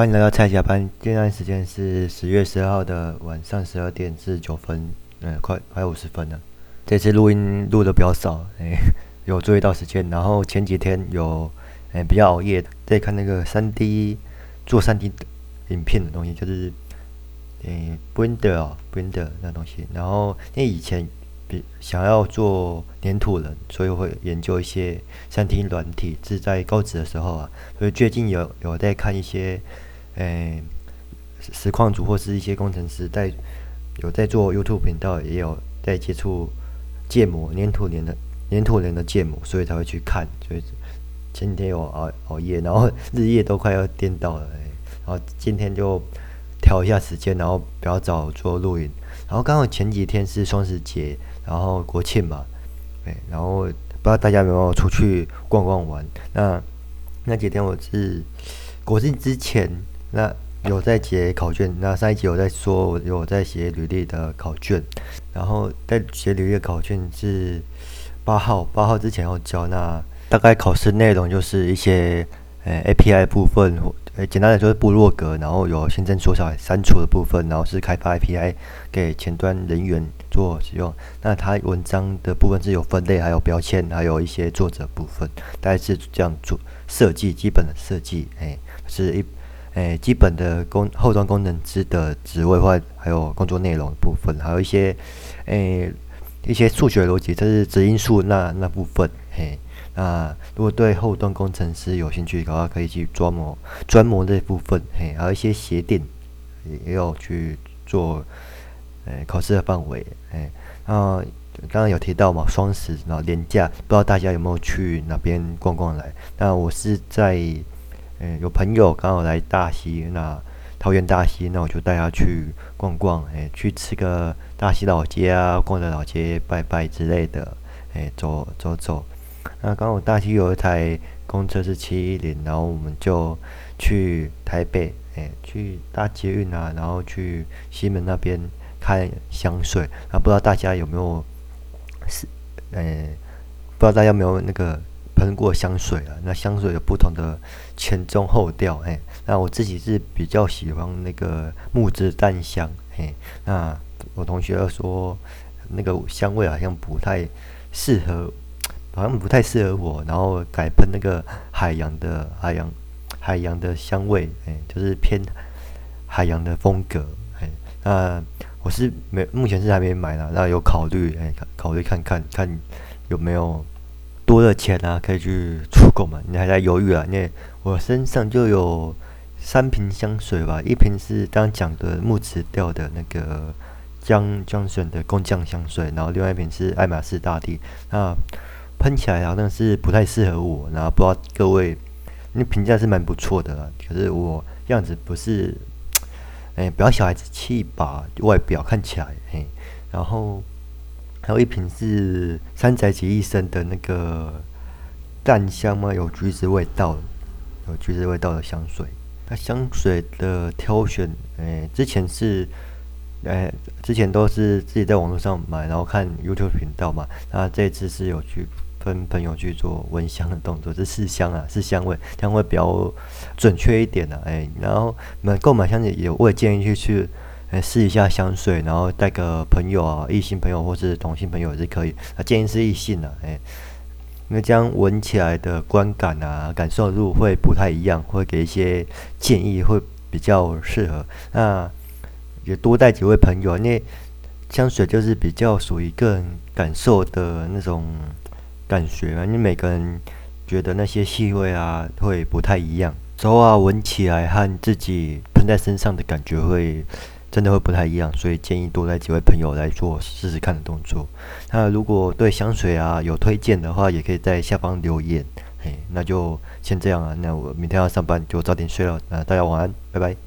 歡迎來到菜加班。這段時間是十月十二號的晚上十二點四十九分，嗯，快快五十分了。這次錄音錄得比較少，誒、哎，有注意到時間。然後前幾天有，誒、哎，比較熬夜在看那個三 d 做三 d 影片的東西，就是誒 Blender 啊，Blender 那東西。然後因為以前比想要做粘土人，所以會研究一些三 d 軟體。是在高職的時候啊，所以最近有有在看一些。哎、欸，實況主或是一些工程師在有在做 YouTube 頻道，也有在接觸建模粘土人的粘土人的建模，所以才會去看。所以前幾天有熬熬夜，然後日夜都快要顛倒了、欸。然後今天就調一下時間，然後比較早做錄影。然後剛好前幾天是雙十節，然後國慶嘛、欸，然後不知道大家有沒有出去逛逛玩？那那幾天我是國慶之前，那有在寫考卷，那上一集有在說，有我在寫履歷的考卷，然後在寫履歷的考卷是八號，八號之前要交納。那大概考試內容就是一些呃、欸、API 部分，欸、簡單的就是部落格，然後有新增、修改、刪除的部分，然後是開發 API 給前端人員做使用。那它文章的部分是有分類，還有標籤，還有一些作者部分，大概是這樣做設計，基本的設計，哎、欸，是一。誒、哎，基本的工後端工程師的職位化，或還有工作內容的部分，還有一些誒、哎、一些數學邏輯，就是質因數那那部分。嘿、哎，那如果對後端工程師有興趣的話，可以去琢磨琢磨這部分。嘿、哎，還有一些協定也要去做，誒、哎，考試的範圍。誒、哎，那剛剛有提到嘛，雙十然後連假，不知道大家有沒有去那邊逛逛來？那我是在。誒，有朋友剛好來大溪，那桃園大溪，那我就帶他去逛逛，哎，去吃個大溪老街啊，逛着老街拜拜之類的，哎，走走走。那剛好大溪有一台公車是七一零，然後我們就去台北，哎，去搭捷運啊，然後去西門那邊看香水。那不知道大家有沒有是，哎，不知道大家有沒有那個？噴過香水啊，那香水有不同的前中後調，哎、欸，那我自己是比較喜歡那個木質淡香，哎、欸，那我同學說那個香味好像不太適合，好像不太適合我，然後改噴那個海洋的海洋海洋的香味，哎、欸，就是偏海洋的風格，哎、欸，那我是沒目前是還沒買啦，那有考慮，哎、欸，考慮看看，看看有沒有。多的錢啊，可以去出國嘛，你還在猶豫啊。因為我身上就有三瓶香水吧，一瓶是剛講的木質調的那個江江雪的工匠香水，然後另外一瓶是愛馬仕大地。那噴起來好、啊、像是不太適合我，然後不知道各位，那評價是蠻不錯的啦，可是我樣子不是哎、比、欸、較小孩子氣吧，外表看起來哎、欸，然後。還有一瓶是三宅一生的那個淡香嗎？有橘子味道，有橘子味道的香水。那香水的挑選，哎、欸，之前是，哎、欸，之前都是自己在網絡上買，然後看 YouTube 頻道嘛。那這次是有去跟朋友去做聞香的動作，這是試香啊，試香味，香味比較準確一點的、啊，哎、欸。然後你們購買香水也，我也建議去去。哎，試一下香水，然後帶個朋友啊，異性朋友或是同性朋友也是可以。啊，建議是異性呢，啊，哎，那這樣聞起來的觀感啊，感受度會不太一樣，會給一些建議，會比較適合。那也多帶幾位朋友，因為香水就是比較屬於個人感受的那種感覺嘛，因為每個人覺得那些氣味啊會不太一樣，之後啊聞起來和自己噴在身上的感覺會。真的會不太一樣，所以建議多帶幾位朋友來做試試看的動作。那如果對香水啊有推薦的話，也可以在下方留言。嘿，那就先這樣啊，那我明天要上班，就早點睡了。那大家晚安，拜拜。